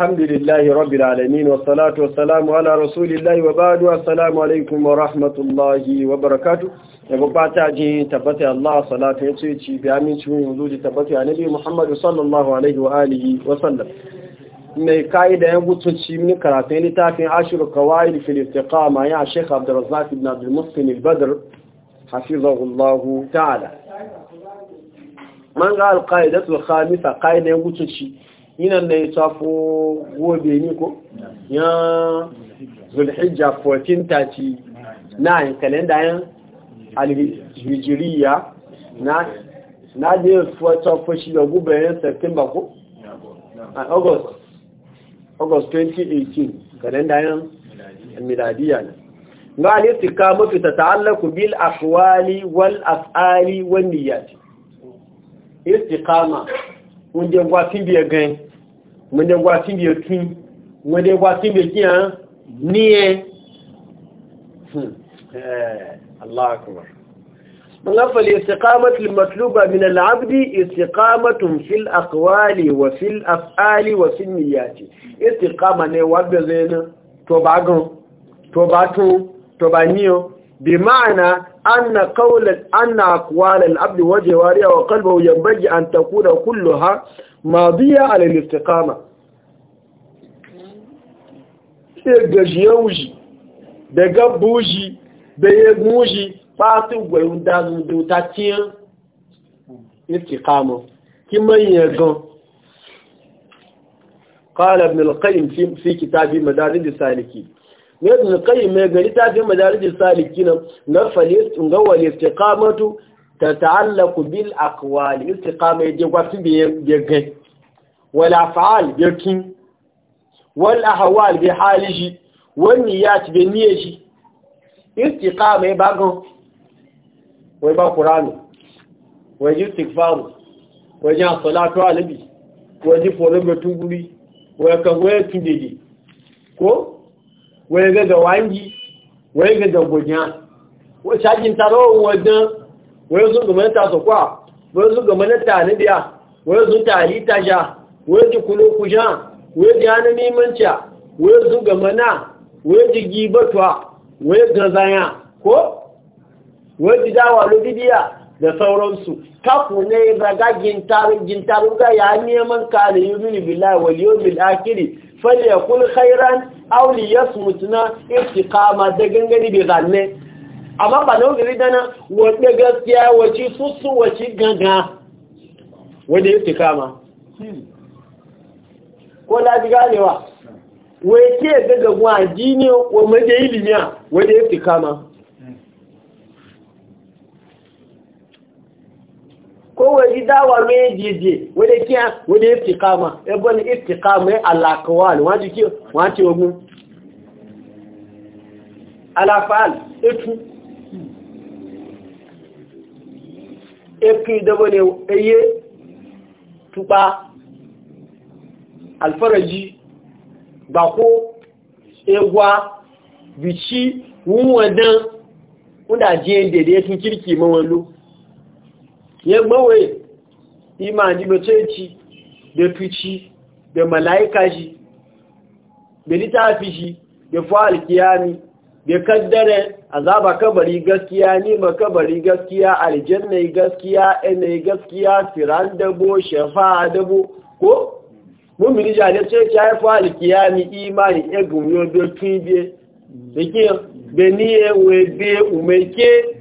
alhamdulillahi rabbil alamin wassalatu wassalamu ala wa ba'du assalamu alaikum wa rahmatullahi wa ji tabbata Allah salatu ya ce ci bi aminci mun yanzu ji tabbata sallallahu alaihi wa alihi mai kaida ya karatun littafin ashiru qawaid fil istiqama ya Sheikh Abdul ibn badr ta'ala man ga khamisa ya ina na yi safo gobe ni ko ya zulhijja 1439 kalenda yan alhijiriya na na je safo shi da gube yan september ko august august 2018 kalenda yan miladiya ne ga alitika mafi ta ta'allaku bil akwali wal af'ali wal niyyati istiqama kun je gwa fi biya gani wanda gwa sin bi tun wanda gwa sin bi kiyan ni Allah akbar من أفل الاستقامة المطلوبة من العبد استقامة في الأقوال وفي الأفعال وفي النيات استقامة نواب زينا توباغن توباتون توبانيو بمعنى أن قول أن أقوال العبد وجواريه وقلبه ينبغي أن تكون كلها madiya ala istiqama sai wuji, da gabuji da yeguji fasi gwayun dazun da wuta ciyan istiqama kiman yagan قال ابن القيم fi في كتابه مدارج السالكين ne ibn qayyim mai gari ta fi madarij salikin na falis ga wal istiqamatu تتعلق بالأقوال استقامة يجب بيغن والأفعال بيكين والأحوال بحالجي والنيات بنيجي استقامة يبقى ويبقى قرآن ويجي استغفار ويجي الصلاة على النبي ويجي فولم بتنبري ويكا ويكندي ko wai ga ga wangi wai ga ga gunya wa shajin taro wajen wai sun gama na taso wai sun gama na tanibiya wai sun tali ta sha wai ji kulo ku sha wai ji hannun mimanca wai sun gama na wai ji gibatuwa wai zanya, ko wai ji dawa lobidiya da sauransu kafu ne raga gintarin gintarin ga ya neman kare yumini billahi wal yawmil akhir falyakul khairan aw liyasmutna istiqama da gangani bi zanne amma ba na gari dana wadda gaskiya wace sussu wace ganga wadda yake kama ko laji ganewa wake daga waji ne wa maje ilimiya wadda yake kama ko waje dawa mai jeje wadda kiya wadda yake kama ebon yake kama ya e alakawal wajen kiyo wace wagun alafal etu epi dabo ne eye tuba alfaraji bako egwa bici wuwadan wanda jiyan dede ya tun kirki mawalo ya gbawaye imani mace da fici da mala'ika da littafi shi da fa'al kiyami bi kaddare azaba kabari gaskiya ma kabari gaskiya aljanna gaskiya ene gaskiya siran dabo shafa dabo ko ni jade ce ki fa alkiyami imani egun yo do tibe dake beni e, we be umeke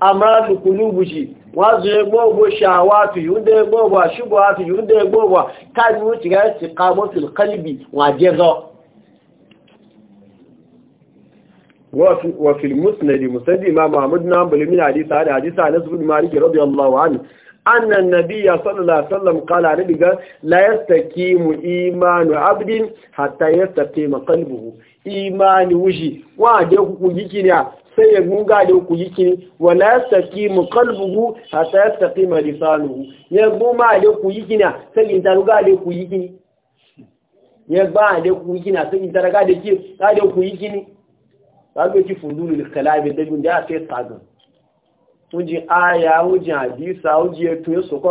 amradu kulubuji wazo e, egbobo shawatu yunde egbobo ashubu ati yunde egbobo kan wuti ga istiqamatu alqalbi wa jazo وفي المسند مسند إمام محمد نعمل من حديث هذا حديث عن نسب مالك رضي الله عنه أن النبي صلى الله عليه وسلم قال على نبي لا يستقيم إيمان عبد حتى يستقيم قلبه إيمان وجي وعده وجيكنا سيغون قاعده وجيكنا ولا يستقيم قلبه حتى يستقيم لسانه يغون ما عده وجيكنا سيغون قاعده وجيكنا يغون عده وجيكنا سيغون قاعده وجيكنا lágbé kí fún lúrù ìkẹlá ibi dẹ́gbùn jẹ́ àti ìtàgàn ó jí àyà ó jí àdísà ó jí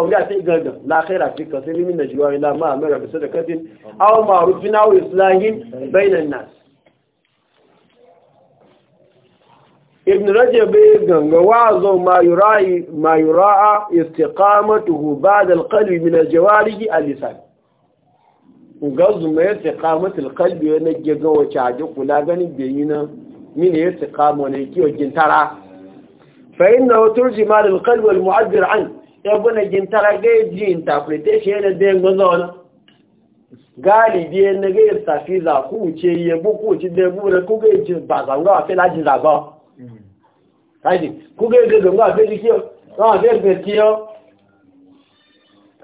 orí àti ìgangan láàkẹ́rà sí kan sí límìnà jùlọ ilá máa mẹ́rọ bẹ̀sẹ̀ tẹ̀kẹ́tì bai ganga min ga zuma istiqamatul qalbi na gaga wacce aje kula ganin bayina من يتقام ونيكي وجنترا فإنه ترجم على القلب والمعبر عنه يبنى جنترا جاي جين تافريتيشي هنا دين غزونا galibi na ga tafi za ku ce yabo ku ci da bu da ku ga ji ba za ga fa la ji za ba kaji ku ga ga ga fa ji kiyo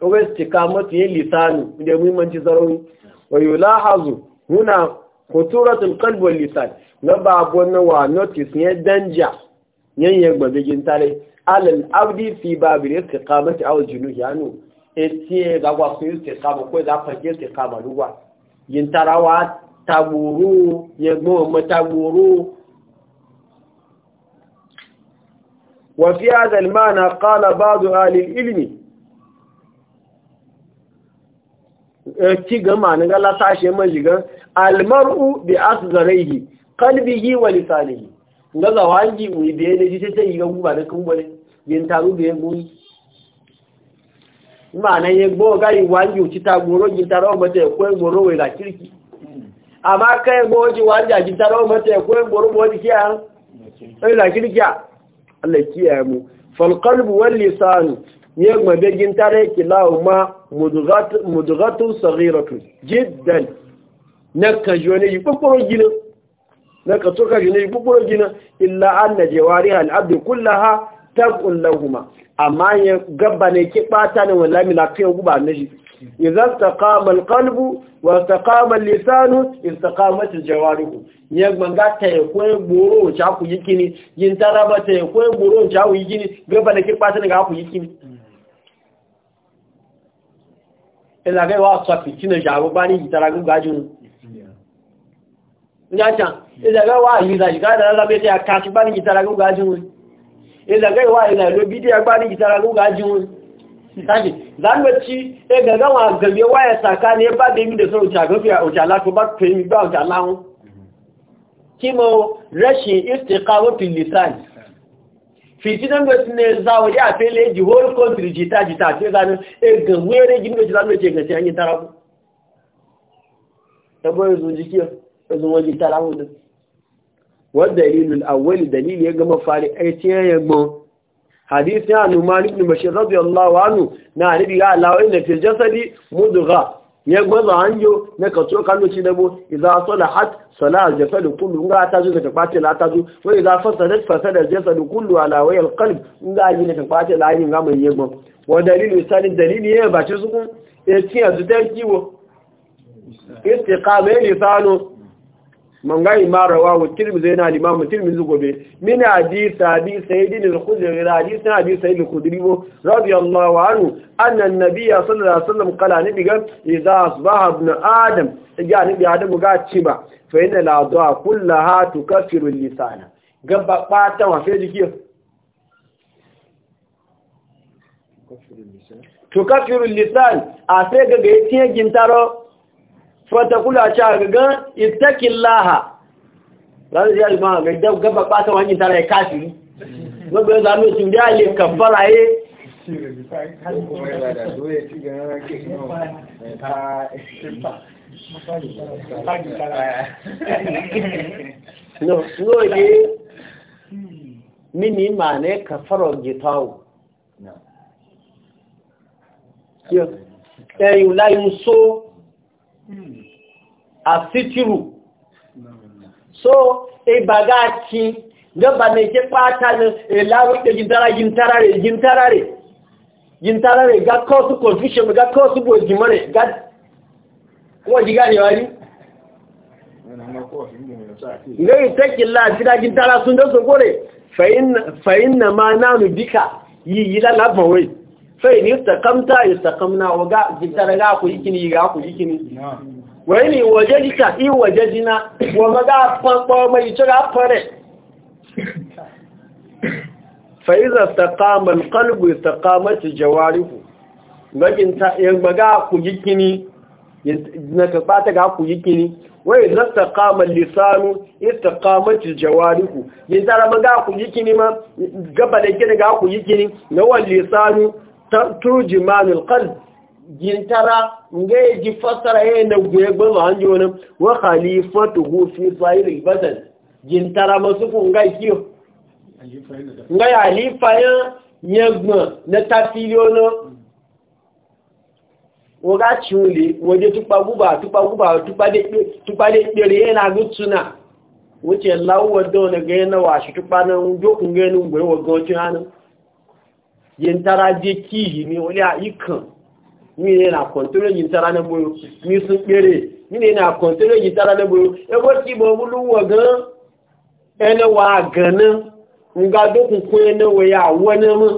na fa lisanu da muhimmanci zarawi wa huna tura tun wal lisan na babu na wa notice ne danja yanye gbabigin tare alal abdi fi babil istiqamati aw junuhi anu etie ga gwa yi istiqama ko da fage istiqama ruwa yin tarawa taburu ye gbo mo taburu wa fi hadha al ma'na qala ba'd ahli al ilmi ci gama na ga. sashe man shiga almar'u bi asgharaihi qalbihi wa lisanihi ga zawangi mu be ne ji sai gugu ba da kumbole yin taru be mu ma na ye gbo ga yi wangi ci ta goro ji taro ba ya koyi e goro wai da kirki amma kai e gbo ji wangi ji taro ba ya koyi e goro bo ji kiya sai da kirki Allah ya mu fal qalbu wal lisanu yagma begin tare kilahuma mudugatun sagiratun jiddan na kajiyo ne yi kukuro gina na kaso kajiyo ne yi kukuro gina illa an na jewari al'abdu kullaha tab'un lahuma amma ya gaba ne ki bata ne wala mi lafiya guba na shi Idan idza taqama alqalbu wa taqama lisanu in istaqamat ku. ya manga ta yi goro boro cha ku yikini yin taraba ta yi goro boro cha ku yikini gaba ne ki bata ne ga ku yikini ìlàgẹ́ wà sọ fìtínà ìṣàrò bá ní ìtara gúgbájú ìyájá ìlàgẹ́ wà wa ìgáàdà lábẹ́tẹ́ àkàṣì bá ní ìtara gúgbájú ìlàgẹ́ wà ìlà ìlú bídí agbá ní ìtara gúgbájú tàbí zanwẹ́tí ẹgbẹ̀gbẹ̀ wọn àgbẹ̀gbẹ̀ wáyé ba ní ẹbá dé ní ìdẹ̀sọ́ òjàláfẹ́ bá pè fitinan da su ne za wani a fele ji whole country jita jita e ce zane egan were gini da ci zanen ce gaci hanyar tara ku tabo ya zo jiki ya zo wani tara da wadda ililul awali dalili ya gama fari aiki ya yamma hadisi ya numani ibn bashir radiyallahu anhu na nabi ya lawa inda fil jasadi mudugha ya gwaza hanyo na kaso kano ci dabo iza salahat salah jasadu kullu nga ta zo daga kwace la ta zo wa idza fasadat fasada jasadu kullu ala wa al qalb nga yi daga kwace la yi nga mai yego wa dalilu sanin dalili ya ba ci su kun e ci azu dan kiwo istiqama man ga imara wa wa tirmizi yana limamu tirmizi gobe min hadith abi sayyidin al-khudri hadith abi sayyid al-khudri radiyallahu anhu anna an-nabiy sallallahu alaihi wasallam qala nabi ga idza asbaha ibn adam ya nabi adam ga ci ba fa inna la du'a kullaha tukaffiru lisana gaba bata wa sai jiki tukaffiru a sai ga ga yakin taro fata kula cha gaga ittaqillaha ran ya ma ga dab gaba ba ta wani tare kafiri gobe za mu tun da le kafara ye no no ye mini ma ne kafaro gitawo yo eh ulai muso a asitiru so ba ibagaci gaba mai ke fata na elawun da gintara gintarare gintarare gintarare ga kosu confusion ga kosu bojimare ga kuma jiga ne wani ne take la jira gintara sun da so gore fa inna ma nanu bika yi yi la sai ni ya istakamna wa ga jitara ga ku ikini ga ku ikini wai ni waje wajadika i waje wajadina wa maga fanko mai jira fare fa iza ta alqalbu istaqamat jawarihu gajin ta yan maga ku ikini na ka fata ga ku ikini wai iza istaqama lisanu istaqamat jawarihu yin tara maga ku ikini ma gaba da gina ga ku ikini na wani lisanu turjimanul qalb gintara nga ji fasara yayin da goye gbazo an ji wani wa khalifatuhu fi sahil badan gintara masu kun ga kiyo nga ya halifayan yagbon na tafiliyo na waga ciwule waje tupa guba tupa guba tupa da ɗere yana gutsuna wuce lawuwa don ga yana washe tupa na jokin ganin gwaye wa gaucin hannun yintara je kiyi ni wani a ikan mi ne na yin tara na boyo mi sun pere mi ne na kontoro yintara na boyo ebo ti bo bulu wo gan ene wa gan nga dokun ko ene we ya wona mu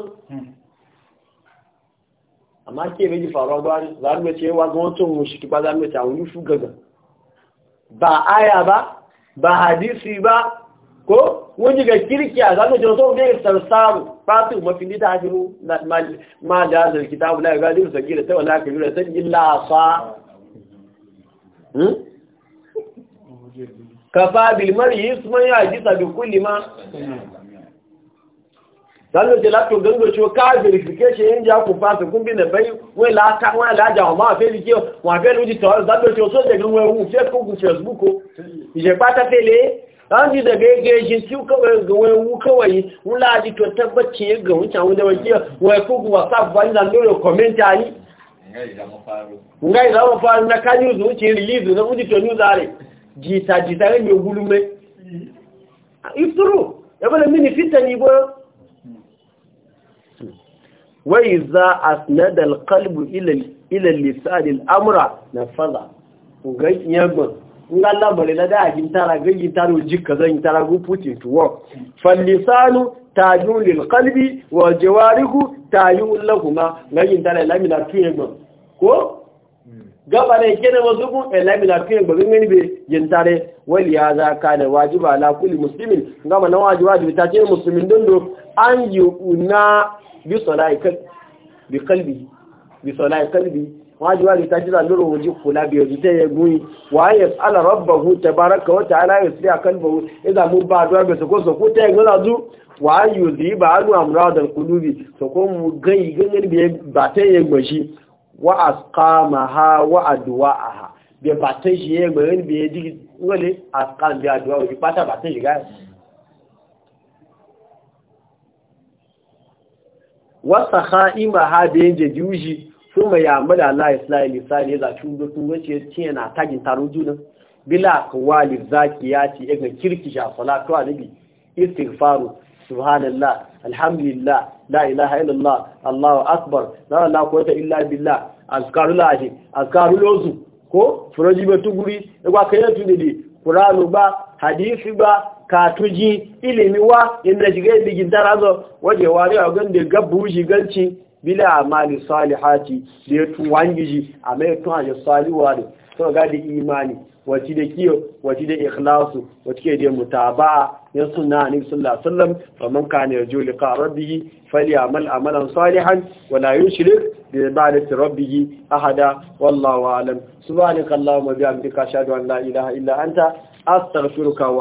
amma ke beji faruwa ba ne za mu ce wa ga wancan mushiki ba za mu ta a wani gaga ba aya ba ba hadisi ba ko wani ga kirki a zanen jino sau bai sarsaru fatu mafili ta hajji ma da zai kita abu gajin sa gira ta wani aka yura yi illa sa kafa bilmar yi su man ya jisa bi kulli ma zanen jila to gango ciwo ka verification yin ja ku fasu kun na bai wani la'aka wani la'aja ma fe rike wa fe rike tawar zanen ciwo so da gango ya wu facebook facebook ko tele ranji daga yake shi su kawai ga wayewu kawai wula ji to tabbaci ya ga wuce wanda wajiya wai kuku whatsapp ba ina nuna comment ani ngai zama faru na kan news wuce release na wuce to news are jita jita ne mai gulume ifuru ya bala mini fita ni bo wai za asnada alqalbu ila ila lisan al'amra nafaza ga yagbon nga lamari na da ajin tara tara taro jikka zan tara go putin to work fallisanu tajun lil qalbi wa jawarihu tayun lahuma gaggi tara lamina tuye go ko gaba ne kene wasu kun lamina tuye go ngin be yin tare wal ya za kana wajiba la kulli muslimin gama na wajiba da ta ce muslimin do an yu una bi salai bi qalbi bi salai qalbi wọ́n jíwá rí tajíra lórí òjì fòlá bí òjì tẹ́ ẹgbùn yìí wọ́n yẹ alàrọ́bàwò tẹbárakà wọ́n tààrà yóò sí àkànbàwò ìdàmú bá àdúrà bẹ̀ sọ́kó sọ́kó tẹ́ ẹgbùn lájú wọ́n yóò ibà ánú àmúradàn kúlú bí sọ́kó mú gan gẹ́gẹ́ bí bàtẹ́ ẹgbẹ̀ sí wọ́n àkàmà ha wọ́n àdùwà àhà bí bàtẹ́ sí ẹgbẹ̀ rẹ̀ bí ẹdí wọlé bí àdùwà òjì pátá bàtẹ́ sun mai mada Allah Islam misali ya zafi dukkan wacce ya ce yana tagin taron juna bila kawali zaki ya ce ya ga kirki sha salatu a nabi istighfaru subhanallah alhamdulillah la ilaha illallah allahu akbar la ilaha quwwata illa billah azkarul aji azkarul ozu ko furoji tuguri guri igba kayan ne kuranu ba hadisi ba katuji ilimi wa inda jiga digin darazo waje ne a gande gabu shiganci bila mali salihati da ya giji a mai tuwa ya saliwa da sau ga da imani wace da kiyo wace da ikhlasu wace ke da mutaba ya suna ne sallallahu sallam wa man kana yarju liqa rabbih falyamal amalan salihan wa la yushrik bi ibadati rabbih ahada wallahu alam subhanakallahumma bihamdika ashhadu an la ilaha illa anta astaghfiruka